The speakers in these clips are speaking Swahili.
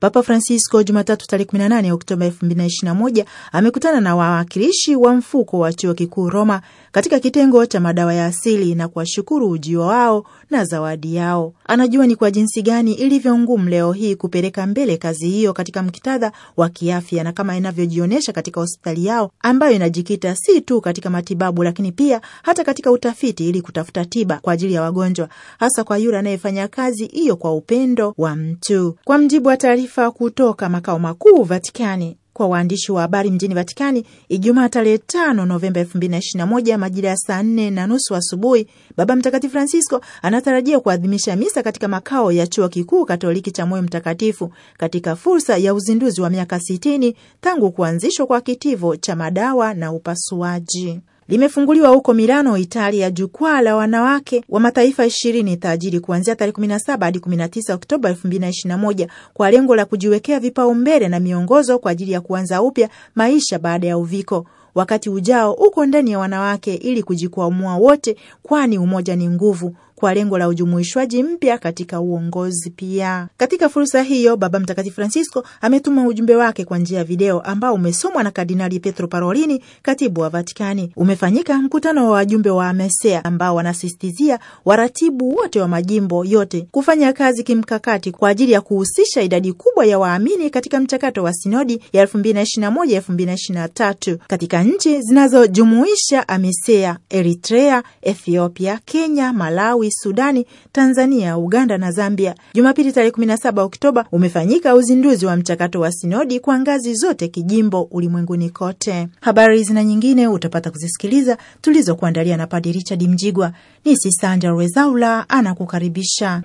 Papa Francisco Jumatatu tarehe 18 Oktoba 2021 amekutana na wawakilishi wa mfuko wa chuo kikuu Roma katika kitengo cha madawa ya asili na kuwashukuru ujio wao na zawadi yao. Anajua ni kwa jinsi gani ilivyo ngumu leo hii kupeleka mbele kazi hiyo katika mkitadha wa kiafya, na kama inavyojionyesha katika hospitali yao ambayo inajikita si tu katika matibabu, lakini pia hata katika utafiti ili kutafuta tiba kwa ajili ya wagonjwa, hasa kwa yule anayefanya kazi hiyo kwa upendo wa mtu. Kwa mjibu wa taarifa kutoka makao makuu Vatikani, kwa waandishi wa habari mjini Vatikani Ijumaa tarehe tano Novemba elfu mbili na na moja majira ya saa nne na nusu asubuhi. Baba Mtakatifu Francisco anatarajia kuadhimisha misa katika makao ya chuo kikuu Katoliki cha Moyo Mtakatifu katika fursa ya uzinduzi wa miaka sitini tangu kuanzishwa kwa kitivo cha madawa na upasuaji limefunguliwa huko Milano, Italia, jukwaa la wanawake wa mataifa ishirini tajiri kuanzia tarehe 17 hadi 19 Oktoba 2021 kwa lengo la kujiwekea vipaumbele na miongozo kwa ajili ya kuanza upya maisha baada ya uviko. Wakati ujao uko ndani ya wanawake ili kujikwamua wote, kwani umoja ni nguvu kwa lengo la ujumuishwaji mpya katika uongozi pia. Katika fursa hiyo, Baba Mtakatifu Francisco ametuma ujumbe wake kwa njia ya video ambao umesomwa na Kardinali Pietro Parolini, katibu wa Vatikani. Umefanyika mkutano wa wajumbe wa AMESEA ambao wanasisitizia waratibu wote wa majimbo yote kufanya kazi kimkakati kwa ajili ya kuhusisha idadi kubwa ya waamini katika mchakato wa sinodi ya 2021 2023 katika nchi zinazojumuisha AMESEA: Eritrea, Ethiopia, Kenya, Malawi, Malawi, Sudani, Tanzania, Uganda na Zambia. Jumapili tarehe 17 Oktoba umefanyika uzinduzi wa mchakato wa sinodi kwa ngazi zote kijimbo ulimwenguni kote. Habari hizi na nyingine utapata kuzisikiliza tulizokuandalia na Padi Richard Mjigwa. Ni Sisanja Rwezaula anakukaribisha.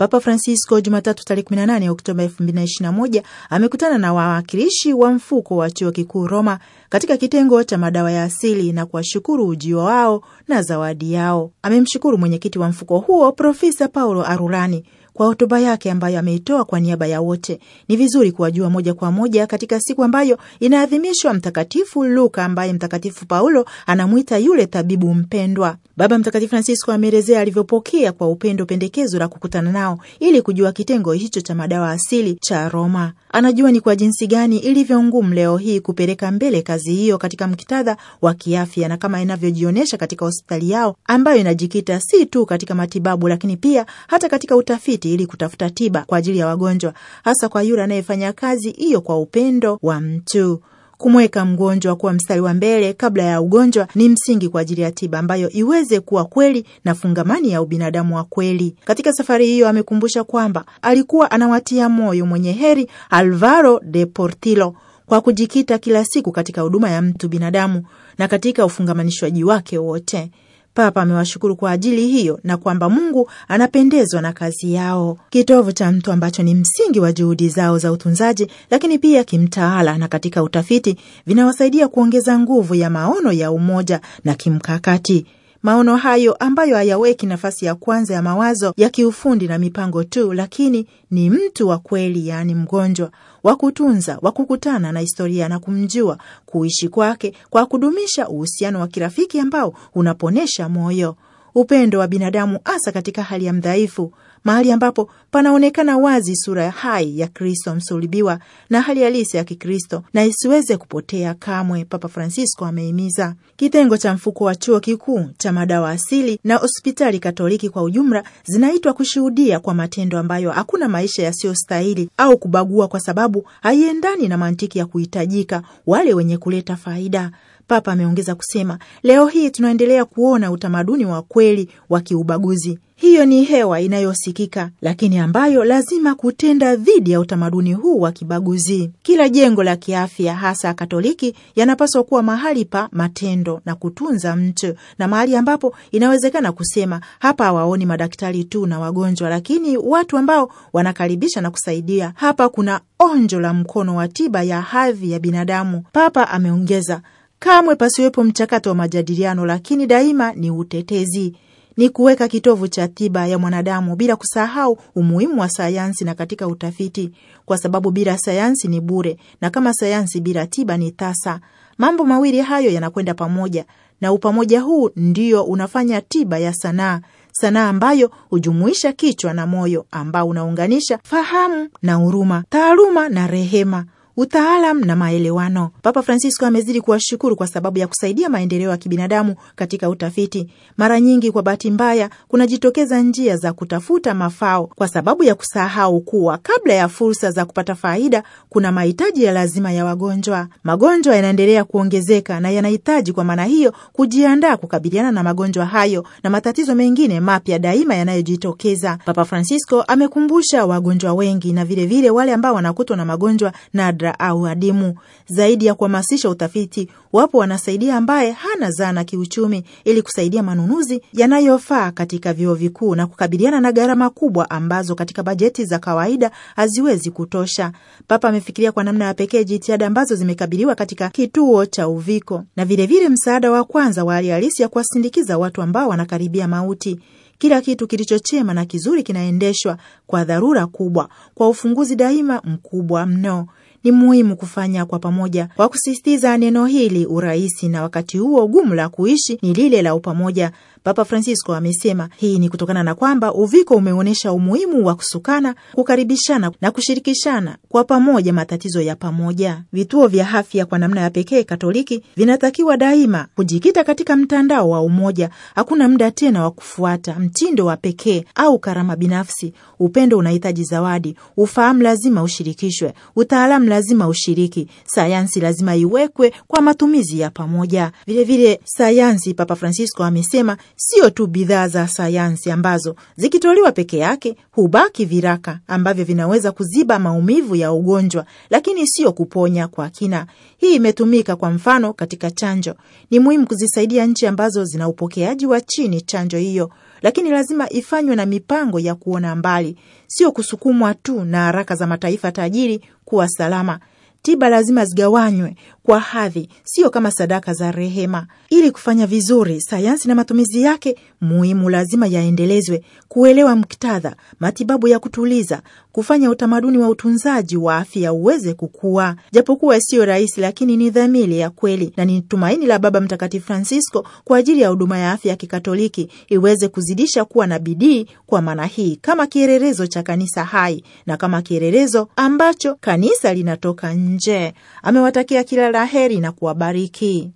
Papa Francisco Jumatatu tarehe 18 Oktoba 2021 amekutana na wawakilishi wa mfuko wa chuo kikuu Roma katika kitengo cha madawa ya asili na kuwashukuru ujio wao na zawadi yao. Amemshukuru mwenyekiti wa mfuko huo Profesa Paulo Arulani kwa hotuba yake ambayo ameitoa kwa niaba ya wote. Ni vizuri kuwajua moja kwa moja katika siku ambayo inaadhimishwa Mtakatifu Luka, ambaye Mtakatifu Paulo anamwita yule tabibu mpendwa. Baba Mtakatifu Francisco ameelezea alivyopokea kwa upendo pendekezo la kukutana nao ili kujua kitengo hicho cha madawa asili cha Roma. Anajua ni kwa jinsi gani ilivyo ngumu leo hii kupeleka mbele kazi hiyo katika mkitadha wa kiafya, na kama inavyojionyesha katika hospitali yao ambayo inajikita si tu katika matibabu, lakini pia hata katika utafiti ili kutafuta tiba kwa ajili ya wagonjwa, hasa kwa yule anayefanya kazi hiyo kwa upendo wa mtu. Kumweka mgonjwa kuwa mstari wa mbele kabla ya ugonjwa ni msingi kwa ajili ya tiba ambayo iweze kuwa kweli na fungamani ya ubinadamu wa kweli. Katika safari hiyo, amekumbusha kwamba alikuwa anawatia moyo mwenye heri Alvaro de Portillo kwa kujikita kila siku katika huduma ya mtu binadamu na katika ufungamanishwaji wake wote. Papa amewashukuru kwa ajili hiyo na kwamba Mungu anapendezwa na kazi yao. Kitovu cha mtu ambacho ni msingi wa juhudi zao za utunzaji, lakini pia kimtaala na katika utafiti, vinawasaidia kuongeza nguvu ya maono ya umoja na kimkakati. Maono hayo ambayo hayaweki nafasi ya kwanza ya mawazo ya kiufundi na mipango tu, lakini ni mtu wa kweli, yaani mgonjwa wa kutunza, wa kukutana na historia na kumjua, kuishi kwake kwa kudumisha uhusiano wa kirafiki ambao unaponesha moyo, upendo wa binadamu, hasa katika hali ya mdhaifu mahali ambapo panaonekana wazi sura hai ya Kristo msulubiwa na hali halisi ya Kikristo na isiweze kupotea kamwe, Papa Francisco amehimiza. Kitengo cha mfuko wa chuo kikuu cha madawa asili na hospitali Katoliki kwa ujumla zinaitwa kushuhudia kwa matendo ambayo hakuna maisha yasiyostahili au kubagua, kwa sababu haiendani na mantiki ya kuhitajika wale wenye kuleta faida Papa ameongeza kusema, leo hii tunaendelea kuona utamaduni wa kweli wa kiubaguzi. Hiyo ni hewa inayosikika, lakini ambayo lazima kutenda dhidi ya utamaduni huu wa kibaguzi. Kila jengo la kiafya, hasa Katoliki, yanapaswa kuwa mahali pa matendo na kutunza mtu, na mahali ambapo inawezekana kusema hapa hawaoni madaktari tu na wagonjwa, lakini watu ambao wanakaribisha na kusaidia. Hapa kuna onjo la mkono wa tiba ya hadhi ya binadamu, Papa ameongeza. Kamwe pasiwepo mchakato wa majadiliano, lakini daima ni utetezi ni kuweka kitovu cha tiba ya mwanadamu bila kusahau umuhimu wa sayansi na katika utafiti, kwa sababu bila sayansi ni bure, na kama sayansi bila tiba ni tasa. Mambo mawili hayo yanakwenda pamoja, na upamoja huu ndio unafanya tiba ya sanaa, sanaa ambayo hujumuisha kichwa na moyo, ambao unaunganisha fahamu na huruma, taaluma na rehema, utaalam na maelewano. Papa Francisco amezidi kuwashukuru kwa sababu ya kusaidia maendeleo ya kibinadamu katika utafiti. Mara nyingi, kwa bahati mbaya, kunajitokeza njia za kutafuta mafao kwa sababu ya kusahau kuwa kabla ya fursa za kupata faida kuna mahitaji ya lazima ya wagonjwa. Magonjwa yanaendelea kuongezeka na yanahitaji kwa maana hiyo kujiandaa kukabiliana na magonjwa hayo na matatizo mengine mapya daima yanayojitokeza. Papa Francisco amekumbusha wagonjwa wengi na vilevile vile wale ambao wanakutwa na magonjwa nadra maabara au adimu. Zaidi ya kuhamasisha utafiti, wapo wanasaidia ambaye hana zana kiuchumi, ili kusaidia manunuzi yanayofaa katika vyuo vikuu na kukabiliana na gharama kubwa ambazo katika bajeti za kawaida haziwezi kutosha. Papa amefikiria kwa namna ya pekee jitihada ambazo zimekabiliwa katika kituo cha Uviko na vilevile msaada wa kwanza wa hali halisi ya kuwasindikiza watu ambao wanakaribia mauti. Kila kitu kilichochema na kizuri kinaendeshwa kwa dharura kubwa, kwa ufunguzi daima mkubwa mno ni muhimu kufanya kwa pamoja, kwa kusisitiza neno hili urahisi, na wakati huo gumu la kuishi ni lile la upamoja Papa Francisco amesema hii ni kutokana na kwamba uviko umeonyesha umuhimu wa kusukana, kukaribishana na kushirikishana kwa pamoja matatizo ya pamoja. Vituo vya afya kwa namna ya pekee Katoliki vinatakiwa daima kujikita katika mtandao wa umoja. Hakuna muda tena wa kufuata mtindo wa pekee au karama binafsi. Upendo unahitaji zawadi, ufahamu lazima ushirikishwe, utaalamu lazima ushiriki, sayansi lazima iwekwe kwa matumizi ya pamoja. Vilevile sayansi, Papa Francisco amesema sio tu bidhaa za sayansi ambazo zikitolewa peke yake hubaki viraka ambavyo vinaweza kuziba maumivu ya ugonjwa, lakini sio kuponya kwa kina. Hii imetumika kwa mfano katika chanjo. Ni muhimu kuzisaidia nchi ambazo zina upokeaji wa chini chanjo hiyo, lakini lazima ifanywe na mipango ya kuona mbali, sio kusukumwa tu na haraka za mataifa tajiri kuwa salama tiba lazima zigawanywe kwa hadhi, sio kama sadaka za rehema. Ili kufanya vizuri, sayansi na matumizi yake muhimu lazima yaendelezwe, kuelewa mktadha, matibabu ya kutuliza, kufanya utamaduni wa utunzaji wa afya uweze kukua. Japokuwa siyo rahisi, lakini ni dhamiri ya kweli na ni tumaini la Baba Mtakatifu Francisco kwa ajili ya huduma ya afya ya Kikatoliki iweze kuzidisha kuwa na bidii kwa maana hii, kama kielelezo cha kanisa hai na kama kielelezo ambacho kanisa linatoka nje nje. Amewatakia kila la heri na kuwabariki.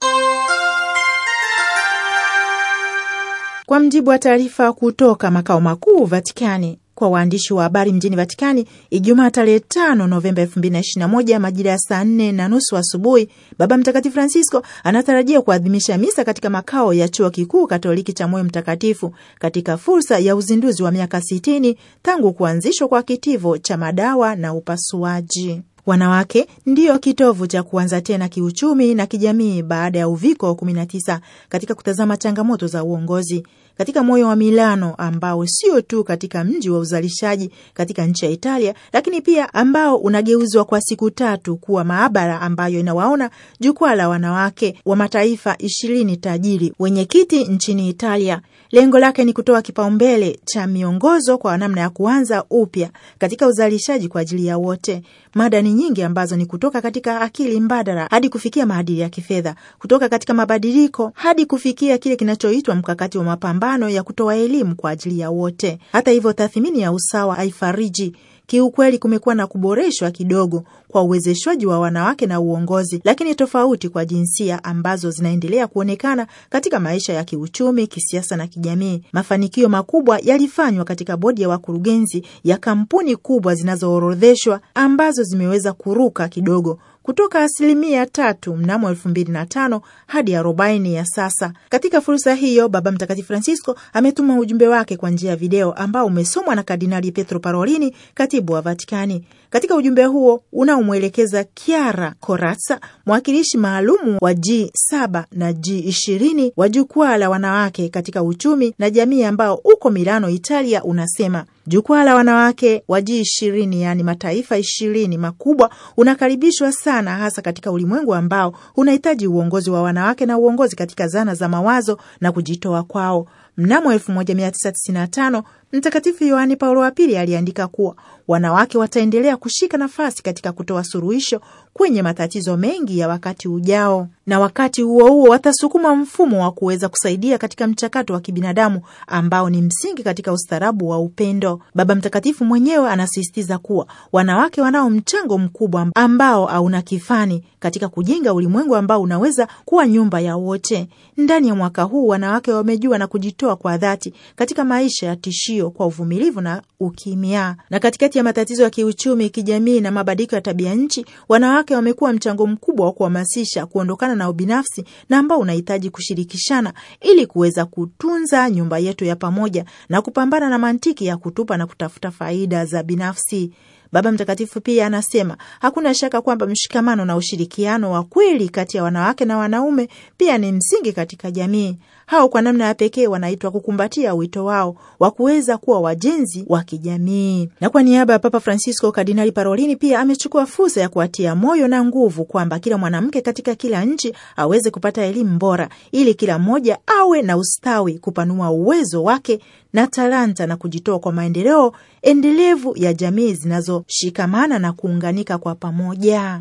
Kwa mjibu wa taarifa kutoka makao makuu Vatikani kwa waandishi wa habari mjini Vatikani Ijumaa tarehe 5 Novemba 2021 majira ya saa nne na nusu asubuhi, Baba Mtakatifu Francisco anatarajia kuadhimisha misa katika makao ya chuo kikuu Katoliki cha Moyo Mtakatifu katika fursa ya uzinduzi wa miaka 60 tangu kuanzishwa kwa kitivo cha madawa na upasuaji. Wanawake ndiyo kitovu cha kuanza tena kiuchumi na kijamii baada ya uviko wa 19 katika kutazama changamoto za uongozi katika moyo wa Milano, ambao sio tu katika mji wa uzalishaji katika nchi ya Italia, lakini pia ambao unageuzwa kwa siku tatu kuwa maabara ambayo inawaona jukwaa la wanawake wa mataifa ishirini tajiri wenye kiti nchini Italia. Lengo lake ni kutoa kipaumbele cha miongozo kwa namna ya kuanza upya katika uzalishaji kwa ajili ya wote. Mada ni nyingi ambazo ni kutoka katika akili mbadala hadi kufikia maadili ya kifedha, kutoka katika mabadiliko hadi kufikia kile kinachoitwa mkakati wa mapambano mapambano ya kutoa elimu kwa ajili ya wote. Hata hivyo, tathmini ya usawa haifariji Kiukweli kumekuwa na kuboreshwa kidogo kwa uwezeshwaji wa wanawake na uongozi, lakini tofauti kwa jinsia ambazo zinaendelea kuonekana katika maisha ya kiuchumi, kisiasa na kijamii. Mafanikio makubwa yalifanywa katika bodi ya wakurugenzi ya kampuni kubwa zinazoorodheshwa ambazo zimeweza kuruka kidogo kutoka asilimia tatu mnamo elfu mbili na tano hadi arobaini ya sasa. Katika fursa hiyo, Baba Mtakatifu Francisco ametuma ujumbe wake kwa njia ya video ambao umesomwa na Kardinali petro Parolini, katibu wa Vatikani. Katika ujumbe huo unaomwelekeza kiara Korasa, mwakilishi maalumu wa G7 na G20 wa jukwaa la wanawake katika uchumi na jamii, ambao uko Milano, Italia, unasema Jukwaa la wanawake wa G ishirini yaani mataifa ishirini makubwa unakaribishwa sana, hasa katika ulimwengu ambao unahitaji uongozi wa wanawake na uongozi katika zana za mawazo na kujitoa kwao. Mnamo 1995 Mtakatifu yohani Paulo wa Pili aliandika kuwa wanawake wataendelea kushika nafasi katika kutoa suluhisho kwenye matatizo mengi ya wakati ujao, na wakati huo huo watasukuma mfumo wa kuweza kusaidia katika mchakato wa kibinadamu ambao ni msingi katika ustaarabu wa upendo. Baba Mtakatifu mwenyewe anasisitiza kuwa wanawake wanao mchango mkubwa ambao hauna kifani katika kujenga ulimwengu ambao unaweza kuwa nyumba ya wote. Ndani ya mwaka huu wanawake wamejua na kujitoa kwa dhati katika maisha ya tishio hiyo kwa uvumilivu na ukimya. Na katikati ya matatizo ya kiuchumi, kijamii na mabadiliko ya tabia nchi, wanawake wamekuwa mchango mkubwa wa kuhamasisha kuondokana na ubinafsi na ambao unahitaji kushirikishana ili kuweza kutunza nyumba yetu ya pamoja na kupambana na mantiki ya kutupa na kutafuta faida za binafsi. Baba Mtakatifu pia anasema hakuna shaka kwamba mshikamano na ushirikiano wa kweli kati ya wanawake na wanaume pia ni msingi katika jamii hao kwa namna ya pekee wanaitwa kukumbatia wito wao wa kuweza kuwa wajenzi wa kijamii. Na kwa niaba ya Papa Francisco, Kardinali Parolini pia amechukua fursa ya kuwatia moyo na nguvu kwamba kila mwanamke katika kila nchi aweze kupata elimu bora ili kila mmoja awe na ustawi, kupanua uwezo wake na talanta na kujitoa kwa maendeleo endelevu ya jamii zinazoshikamana na kuunganika kwa pamoja.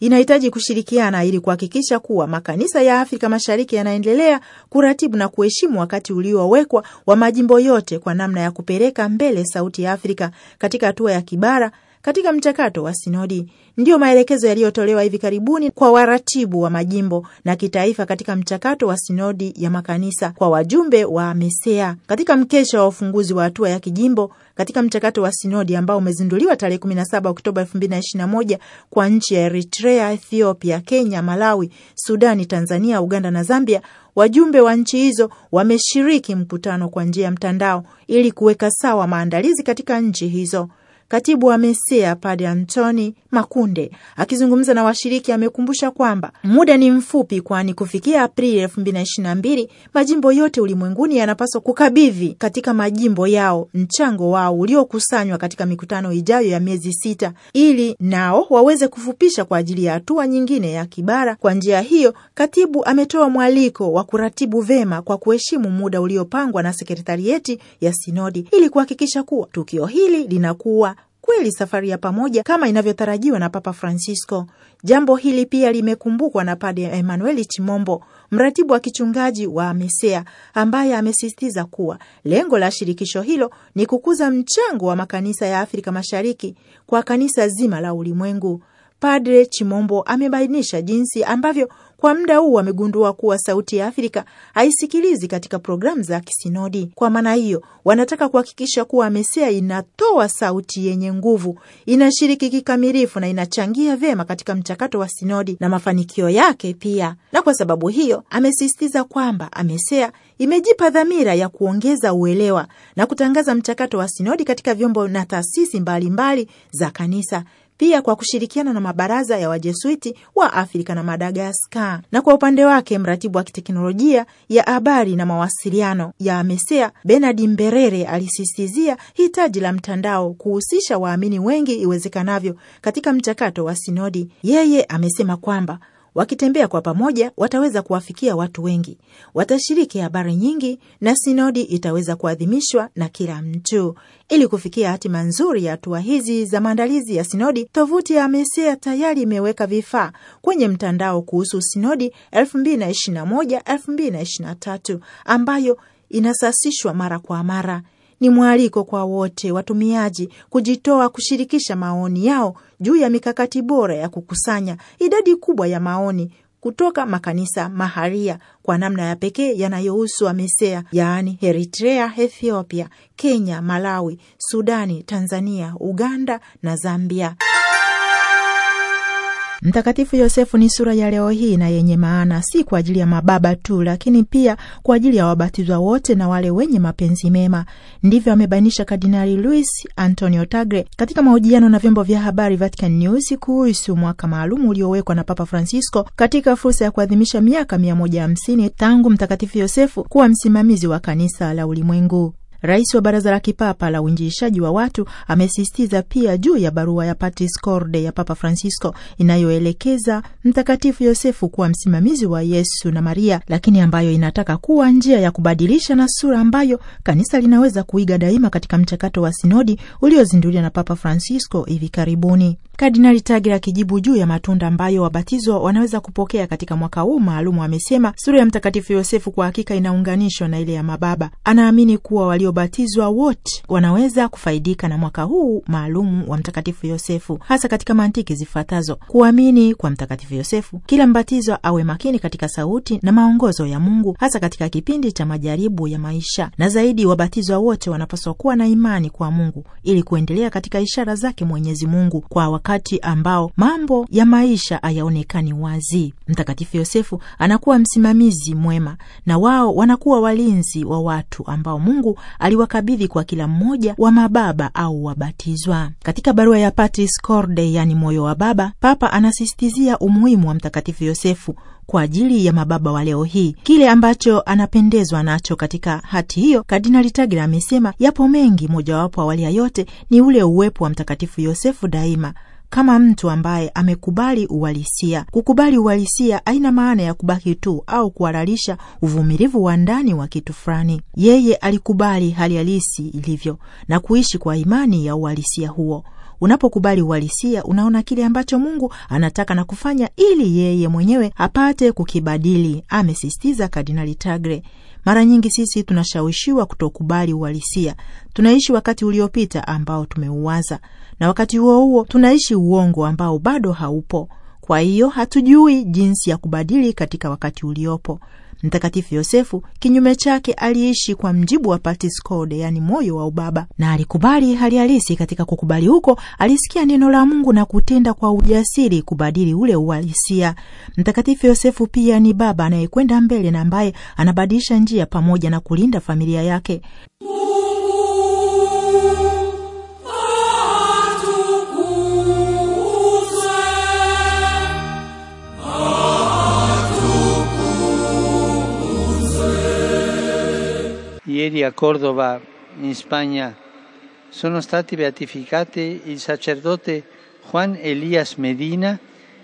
inahitaji kushirikiana ili kuhakikisha kuwa makanisa ya Afrika Mashariki yanaendelea kuratibu na kuheshimu wakati uliowekwa wa majimbo yote kwa namna ya kupeleka mbele sauti ya Afrika katika hatua ya kibara katika mchakato wa sinodi. Ndiyo maelekezo yaliyotolewa hivi karibuni kwa waratibu wa majimbo na kitaifa katika mchakato wa sinodi ya makanisa kwa wajumbe wa MESEA katika mkesha wa ufunguzi wa hatua ya kijimbo katika mchakato wa sinodi ambao umezinduliwa tarehe 17 Oktoba 2021 kwa nchi ya Eritrea, Ethiopia, Kenya, Malawi, Sudani, Tanzania, Uganda na Zambia. Wajumbe wa nchi hizo wameshiriki mkutano kwa njia ya mtandao ili kuweka sawa maandalizi katika nchi hizo. Katibu wa MESEA Padre Antoni Makunde akizungumza na washiriki amekumbusha kwamba muda ni mfupi, kwani kufikia Aprili 2022 majimbo yote ulimwenguni yanapaswa kukabidhi katika majimbo yao mchango wao uliokusanywa katika mikutano ijayo ya miezi sita, ili nao waweze kufupisha kwa ajili ya hatua nyingine ya kibara. Kwa njia hiyo, katibu ametoa mwaliko wa kuratibu vema kwa kuheshimu muda uliopangwa na sekretarieti ya sinodi ili kuhakikisha kuwa tukio hili linakuwa kweli safari ya pamoja kama inavyotarajiwa na Papa Francisco. Jambo hili pia limekumbukwa na Padre Emmanuel Chimombo, mratibu wa kichungaji wa Mesea, ambaye amesisitiza kuwa lengo la shirikisho hilo ni kukuza mchango wa makanisa ya Afrika Mashariki kwa kanisa zima la ulimwengu. Padre Chimombo amebainisha jinsi ambavyo kwa muda huu wamegundua kuwa Sauti ya Afrika haisikilizi katika programu za kisinodi. Kwa maana hiyo, wanataka kuhakikisha kuwa MESEA inatoa sauti yenye nguvu, inashiriki kikamilifu na inachangia vyema katika mchakato wa sinodi na mafanikio yake pia. Na kwa sababu hiyo, amesisitiza kwamba AMESEA imejipa dhamira ya kuongeza uelewa na kutangaza mchakato wa sinodi katika vyombo na taasisi mbalimbali za kanisa pia kwa kushirikiana na mabaraza ya Wajesuiti wa Afrika na Madagaskar. Na kwa upande wake mratibu wa kiteknolojia ya habari na mawasiliano ya Mesea Benard Mberere alisisitizia hitaji la mtandao kuhusisha waamini wengi iwezekanavyo katika mchakato wa sinodi. Yeye amesema kwamba Wakitembea kwa pamoja, wataweza kuwafikia watu wengi, watashiriki habari nyingi, na sinodi itaweza kuadhimishwa na kila mtu. Ili kufikia hatima nzuri ya hatua hizi za maandalizi ya sinodi, tovuti ya amesea tayari imeweka vifaa kwenye mtandao kuhusu sinodi 2021 2023 ambayo inasasishwa mara kwa mara ni mwaliko kwa wote watumiaji kujitoa kushirikisha maoni yao juu ya mikakati bora ya kukusanya idadi kubwa ya maoni kutoka makanisa maharia kwa namna ya pekee yanayohusu amesea yaani Eritrea, Ethiopia, Kenya, Malawi, Sudani, Tanzania, Uganda na Zambia. Mtakatifu Yosefu ni sura ya leo hii na yenye maana, si kwa ajili ya mababa tu, lakini pia kwa ajili ya wabatizwa wote na wale wenye mapenzi mema. Ndivyo amebainisha Kardinali Luis Antonio Tagre katika mahojiano na vyombo vya habari Vatican News kuhusu mwaka maalum uliowekwa na Papa Francisco katika fursa ya kuadhimisha miaka mia moja hamsini tangu Mtakatifu Yosefu kuwa msimamizi wa kanisa la ulimwengu. Rais wa Baraza la Kipapa la Uinjiishaji wa Watu amesisitiza pia juu ya barua ya Patris Corde ya Papa Francisco inayoelekeza Mtakatifu Yosefu kuwa msimamizi wa Yesu na Maria, lakini ambayo inataka kuwa njia ya kubadilisha na sura ambayo kanisa linaweza kuiga daima katika mchakato wa sinodi uliozinduliwa na Papa Francisco hivi karibuni. Kardinali Tagle akijibu juu ya matunda ambayo wabatizwa wanaweza kupokea katika mwaka huu maalum, amesema sura ya Mtakatifu Yosefu kwa hakika inaunganishwa na ile ya mababa. Anaamini kuwa walio waliobatizwa wote wanaweza kufaidika na mwaka huu maalum wa Mtakatifu Yosefu, hasa katika mantiki zifuatazo: kuamini kwa Mtakatifu Yosefu. Kila mbatizwa awe makini katika sauti na maongozo ya Mungu, hasa katika kipindi cha majaribu ya maisha, na zaidi, wabatizwa wote wanapaswa kuwa na imani kwa Mungu ili kuendelea katika ishara zake Mwenyezi Mungu kwa wakati ambao mambo ya maisha hayaonekani wazi. Mtakatifu Yosefu anakuwa msimamizi mwema, na wao wanakuwa walinzi wa watu ambao Mungu aliwakabidhi kwa kila mmoja wa mababa au wabatizwa. Katika barua ya Patris Corde, yani moyo wa baba, Papa anasisitizia umuhimu wa Mtakatifu Yosefu kwa ajili ya mababa wa leo hii, kile ambacho anapendezwa nacho katika hati hiyo. Kardinali Tagle amesema yapo mengi, mojawapo awali ya yote ni ule uwepo wa Mtakatifu Yosefu daima kama mtu ambaye amekubali uhalisia. Kukubali uhalisia haina maana ya kubaki tu au kuhalalisha uvumilivu wa ndani wa kitu fulani. Yeye alikubali hali halisi ilivyo na kuishi kwa imani ya uhalisia huo. Unapokubali uhalisia, unaona kile ambacho Mungu anataka na kufanya ili yeye mwenyewe apate kukibadili, amesisitiza Kardinali Tagre. Mara nyingi sisi tunashawishiwa kutokubali uhalisia. Tunaishi wakati uliopita ambao tumeuwaza, na wakati huo huo tunaishi uongo ambao bado haupo. Kwa hiyo hatujui jinsi ya kubadili katika wakati uliopo. Mtakatifu Yosefu kinyume chake aliishi kwa mjibu wa patiskode, yaani moyo wa ubaba, na alikubali hali halisi. Katika kukubali huko alisikia neno la Mungu na kutenda kwa ujasiri kubadili ule uhalisia. Mtakatifu Yosefu pia ni baba anayekwenda mbele na ambaye anabadilisha njia pamoja na kulinda familia yake. ieri a Cordova, in Spagna, sono stati beatificati il sacerdote Juan Elias Medina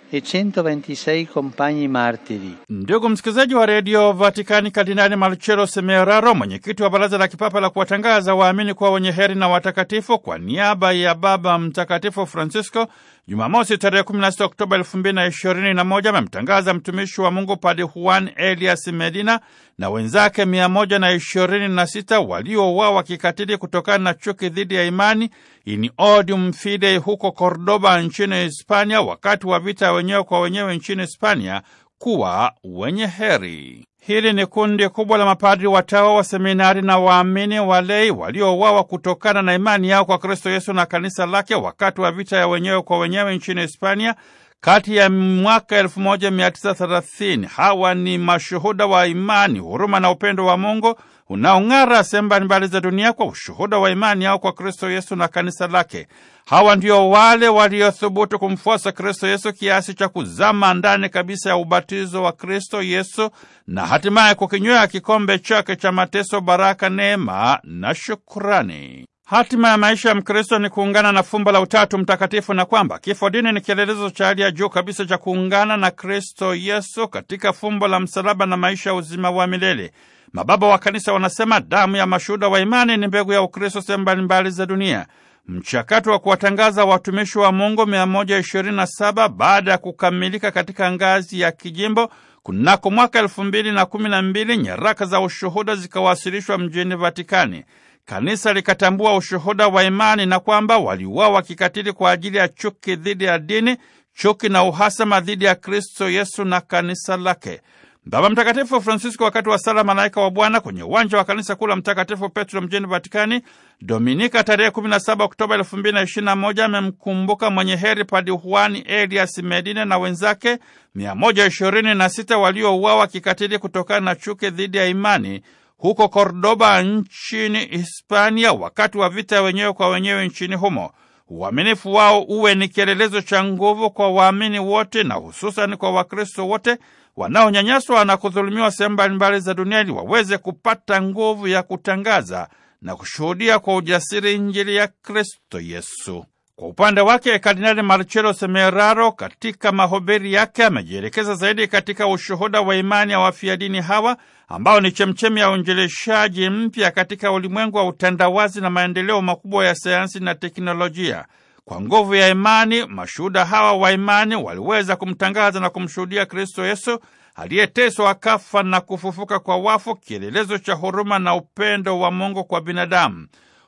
e 126 compagni martiri. Ndugu msikilizaji wa redio vaticani Kardinali Marcello Semeraro, mwenyekiti wa baraza la kipapa la kuwatangaza waamini kuwa wenye heri na watakatifu, kwa niaba ya Baba Mtakatifu Francisco Jumamosi tarehe 16 Oktoba 2021 amemtangaza mtumishi wa Mungu Padre Juan Elias Medina na wenzake 126 waliouawa kikatili kutokana na chuki dhidi ya imani in odium fidei huko Cordoba nchini Hispania wakati wa vita wenyewe kwa wenyewe nchini Hispania kuwa wenye heri. Hili ni kundi kubwa la mapadri, watawa wa seminari na waamini walei waliouawa kutokana na imani yao kwa Kristo Yesu na kanisa lake wakati wa vita ya wenyewe kwa wenyewe nchini Hispania kati ya mwaka 1930. Hawa ni mashuhuda wa imani, huruma na upendo wa Mungu unaong'ara sehemu mbalimbali za dunia kwa ushuhuda wa imani yao kwa Kristo Yesu na kanisa lake. Hawa ndio wale waliothubutu kumfuasa Kristo Yesu kiasi cha kuzama ndani kabisa ya ubatizo wa Kristo Yesu na hatimaye kukinywea kikombe chake cha mateso, baraka, neema na shukrani. Hatima ya maisha ya Mkristo ni kuungana na fumbo la Utatu Mtakatifu, na kwamba kifo dini ni kielelezo cha hali ya juu kabisa cha kuungana na Kristo Yesu katika fumbo la msalaba na maisha ya uzima wa milele. Mababa wa Kanisa wanasema damu ya mashuhuda wa imani ni mbegu ya Ukristo sehemu mbalimbali za dunia. Mchakato wa kuwatangaza watumishi wa Mungu 127 baada ya kukamilika katika ngazi ya kijimbo kunako mwaka 2012, nyaraka za ushuhuda zikawasilishwa mjini Vatikani. Kanisa likatambua ushuhuda wa imani na kwamba waliuawa kikatili kwa ajili ya chuki dhidi ya dini, chuki na uhasama dhidi ya Kristo Yesu na kanisa lake. Baba Mtakatifu Francisco, wakati wa sala Malaika wa Bwana kwenye uwanja wa kanisa kuu la Mtakatifu Petro mjini Vatikani, Dominika tarehe 17 Oktoba 2021, amemkumbuka mwenye heri Padi Juan Elias medine na wenzake 126 waliouawa kikatili kutokana na chuki dhidi ya imani huko Kordoba nchini Hispania wakati wa vita wenyewe kwa wenyewe nchini humo. Uaminifu wao uwe ni kielelezo cha nguvu kwa waamini wote na hususan kwa Wakristo wote wanaonyanyaswa na kudhulumiwa sehemu mbalimbali za dunia ili waweze kupata nguvu ya kutangaza na kushuhudia kwa ujasiri Injili ya Kristo Yesu. Kwa upande wake Kardinali Marcello Semeraro katika mahubiri yake amejielekeza zaidi katika ushuhuda wa imani ya wafia dini hawa ambao ni chemchemi ya uinjilishaji mpya katika ulimwengu wa utandawazi na maendeleo makubwa ya sayansi na teknolojia. Kwa nguvu ya imani, mashuhuda hawa wa imani waliweza kumtangaza na kumshuhudia Kristo Yesu aliyeteswa akafa na kufufuka kwa wafu, kielelezo cha huruma na upendo wa Mungu kwa binadamu.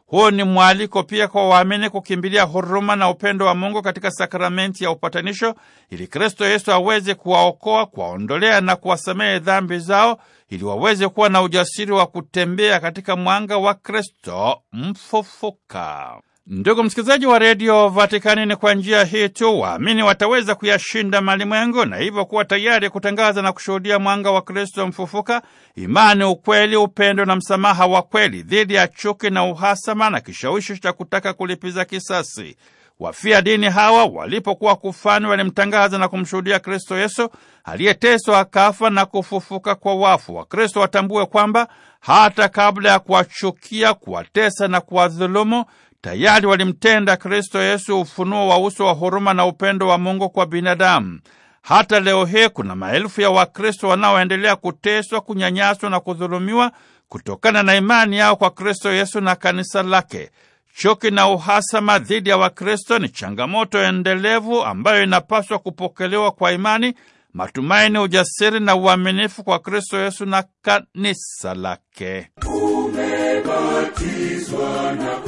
Huu ni mwaliko pia kwa waamini kukimbilia huruma na upendo wa Mungu katika sakramenti ya upatanisho ili Kristo Yesu aweze kuwaokoa, kuwaondolea na kuwasamehe dhambi zao ili waweze kuwa na ujasiri wa kutembea katika mwanga wa Kristo mfufuka. Ndugu msikilizaji wa redio Vatikani, ni kwa njia hii tu waamini wataweza kuyashinda malimwengu na hivyo kuwa tayari kutangaza na kushuhudia mwanga wa Kristo mfufuka, imani, ukweli, upendo na msamaha wa kweli dhidi ya chuki na uhasama na kishawishi cha kutaka kulipiza kisasi. Wafia dini hawa walipokuwa kufani, walimtangaza na kumshuhudia Kristo Yesu aliyeteswa akafa na kufufuka kwa wafu. Wakristo watambue kwamba hata kabla ya kuwachukia, kuwatesa na kuwadhulumu tayari walimtenda Kristo Yesu ufunuo wa uso wa huruma na upendo wa Mungu kwa binadamu. Hata leo hii kuna maelfu ya Wakristo wanaoendelea kuteswa, kunyanyaswa na kudhulumiwa kutokana na imani yao kwa Kristo Yesu na kanisa lake. Chuki na uhasama dhidi ya Wakristo ni changamoto endelevu ambayo inapaswa kupokelewa kwa imani, matumaini, ujasiri na uaminifu kwa Kristo Yesu na kanisa lake. Umebatizwa na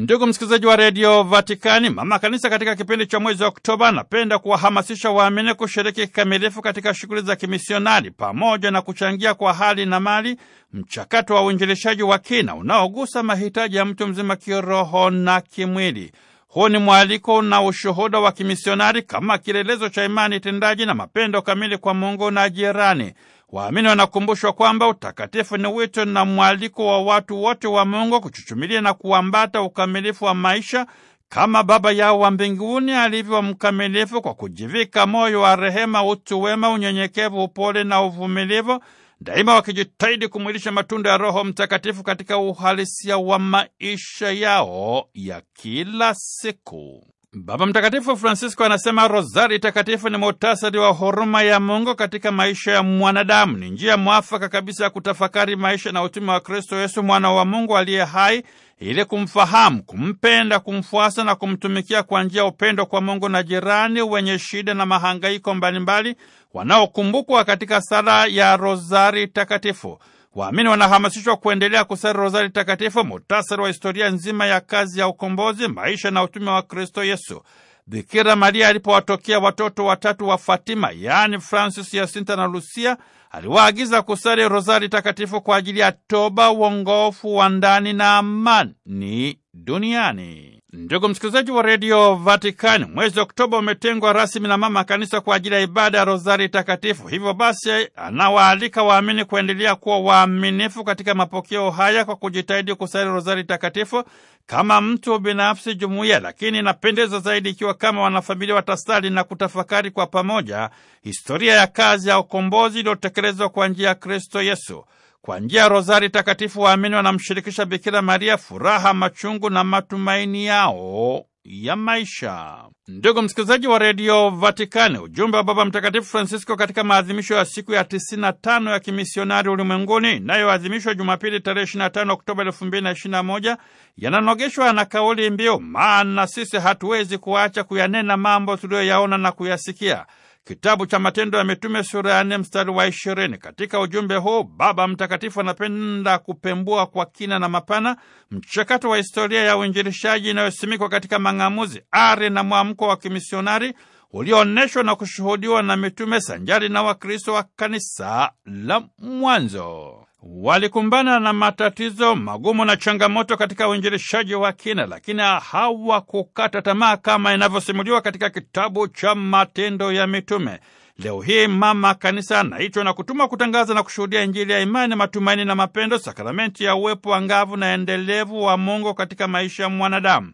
Ndugu msikilizaji wa redio Vatikani, mama kanisa katika kipindi cha mwezi wa Oktoba anapenda kuwahamasisha waamini kushiriki kikamilifu katika shughuli za kimisionari pamoja na kuchangia kwa hali na mali mchakato wa uinjilishaji wa kina unaogusa mahitaji ya mtu mzima kiroho na kimwili. Huu ni mwaliko na ushuhuda wa kimisionari kama kielelezo cha imani tendaji na mapendo kamili kwa Mungu na jirani. Waamini wanakumbushwa kwamba utakatifu ni wito na mwaliko wa watu wote wa Mungu kuchuchumilia na kuambata ukamilifu wa maisha kama Baba yao wa mbinguni alivyo mkamilifu, kwa kujivika moyo wa rehema, utu wema, unyenyekevu, upole na uvumilivu, daima wakijitahidi kumwilisha matunda ya Roho Mtakatifu katika uhalisia wa maisha yao ya kila siku. Baba Mtakatifu Francisco anasema rozari takatifu ni muhtasari wa huruma ya Mungu katika maisha ya mwanadamu. Ni njia mwafaka kabisa ya kutafakari maisha na utume wa Kristo Yesu, mwana wa Mungu aliye hai, ili kumfahamu, kumpenda, kumfuasa na kumtumikia kwa njia ya upendo kwa Mungu na jirani, wenye shida na mahangaiko mbalimbali, wanaokumbukwa katika sala ya rozari takatifu. Waamini wanahamasishwa kuendelea kusali rozari takatifu, muhtasari wa historia nzima ya kazi ya ukombozi, maisha na utume wa Kristo Yesu. Bikira Maria alipowatokea watoto watatu wa Fatima, yaani Francis, Yasinta na Lucia, aliwaagiza kusali rozari takatifu kwa ajili ya toba, uongofu wa ndani na amani duniani. Ndugu msikilizaji wa redio Vatikani, mwezi Oktoba umetengwa rasmi na mama kanisa kwa ajili ya ibada ya rozari takatifu. Hivyo basi, anawaalika waamini kuendelea kuwa waaminifu katika mapokeo haya kwa kujitahidi kusali rozari takatifu kama mtu binafsi, jumuiya, lakini inapendeza zaidi ikiwa kama wanafamilia watasali na kutafakari kwa pamoja historia ya kazi ya ukombozi iliyotekelezwa kwa njia ya Kristo Yesu. Kwa njia ya rozari takatifu waamini wanamshirikisha Bikira Maria furaha, machungu na matumaini yao ya maisha. Ndugu msikilizaji wa redio Vatikani, ujumbe wa Baba Mtakatifu Francisco katika maadhimisho ya siku ya 95 ya kimisionari ulimwenguni inayoadhimishwa Jumapili tarehe 25 Oktoba 2021 yananogeshwa na kauli mbiu, maana sisi hatuwezi kuacha kuyanena mambo tuliyoyaona na kuyasikia Kitabu cha Matendo ya Mitume sura ya mstari wa ishirini. Katika ujumbe huu Baba Mtakatifu anapenda kupembua kwa kina na mapana mchakato wa historia ya uinjilishaji inayosimikwa katika mang'amuzi, ari na mwamko wa kimisionari ulioonyeshwa na kushuhudiwa na mitume sanjari na Wakristo wa kanisa la mwanzo walikumbana na matatizo magumu na changamoto katika uinjilishaji wa kina, lakini hawakukata tamaa kama inavyosimuliwa katika kitabu cha Matendo ya Mitume. Leo hii mama kanisa anaitwa na kutumwa kutangaza na kushuhudia Injili ya imani, matumaini na mapendo, sakramenti ya uwepo angavu na endelevu wa Mungu katika maisha ya mwanadamu.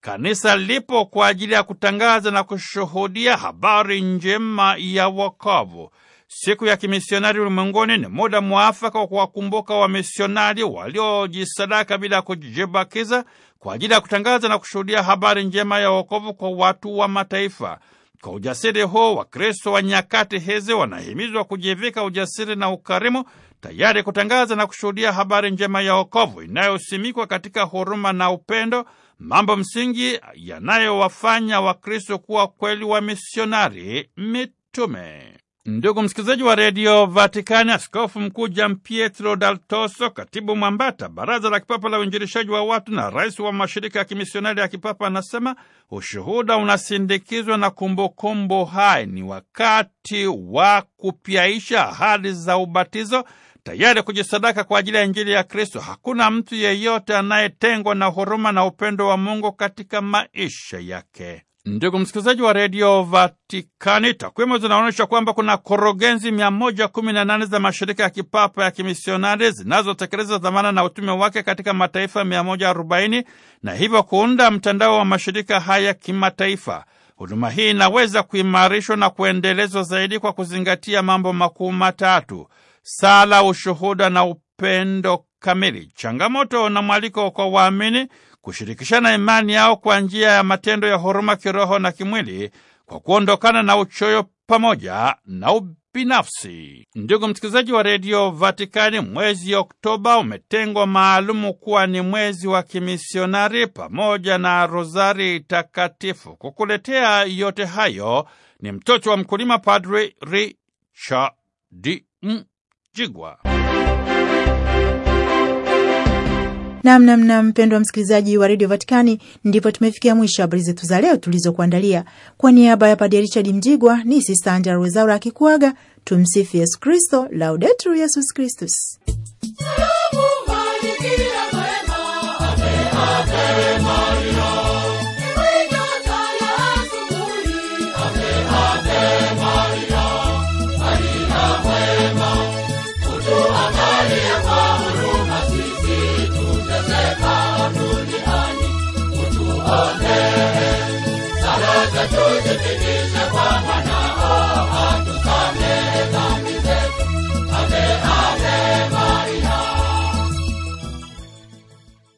Kanisa lipo kwa ajili ya kutangaza na kushuhudia habari njema ya wokovu. Siku ya Kimisionari Ulimwenguni ni muda mwafaka wa kuwakumbuka wamisionari waliojisadaka bila kujibakiza kwa ajili ya kutangaza na kushuhudia habari njema ya wokovu kwa watu wa mataifa. Kwa ujasiri huo, Wakristo wa nyakati hizi wanahimizwa kujivika ujasiri na ukarimu, tayari kutangaza na kushuhudia habari njema ya wokovu inayosimikwa katika huruma na upendo, mambo msingi yanayowafanya Wakristo kuwa kweli wamisionari mitume. Ndugu msikilizaji wa redio Vatikani, askofu mkuu jan Pietro Daltoso, katibu mwambata baraza la kipapa la uinjirishaji wa watu na rais wa mashirika ya kimisionari ya kipapa, anasema ushuhuda unasindikizwa na kumbukumbu hai. Ni wakati wa kupyaisha ahadi za ubatizo, tayari kujisadaka kwa ajili ya injili ya Kristo. Hakuna mtu yeyote anayetengwa na huruma na upendo wa Mungu katika maisha yake. Ndugu msikilizaji wa redio Vatikani, takwimu zinaonyesha kwamba kuna korogenzi 118 za mashirika ya kipapa ya kimisionari zinazotekeleza dhamana na utume wake katika mataifa 140 na hivyo kuunda mtandao wa mashirika haya kimataifa. Huduma hii inaweza kuimarishwa na kuendelezwa zaidi kwa kuzingatia mambo makuu matatu: sala, ushuhuda na upendo kamili. Changamoto na mwaliko kwa waamini kushirikishana imani yao kwa njia ya matendo ya huruma kiroho na kimwili, kwa kuondokana na uchoyo pamoja na ubinafsi. Ndugu msikilizaji wa redio Vatikani, mwezi Oktoba umetengwa maalumu kuwa ni mwezi wa kimisionari pamoja na rozari takatifu. Kukuletea yote hayo ni mtoto wa mkulima, Padre Richard Mjigwa. Namnamna mpendwa msikilizaji wa redio Vatikani, ndipo tumefikia mwisho habari zetu za leo tulizokuandalia. Kwa, niaba ya Padre Richard Mjigwa ni Sista Angela Rwezaura akikuaga. Tumsifu Yesu Kristo, Laudetur Yesus Kristus.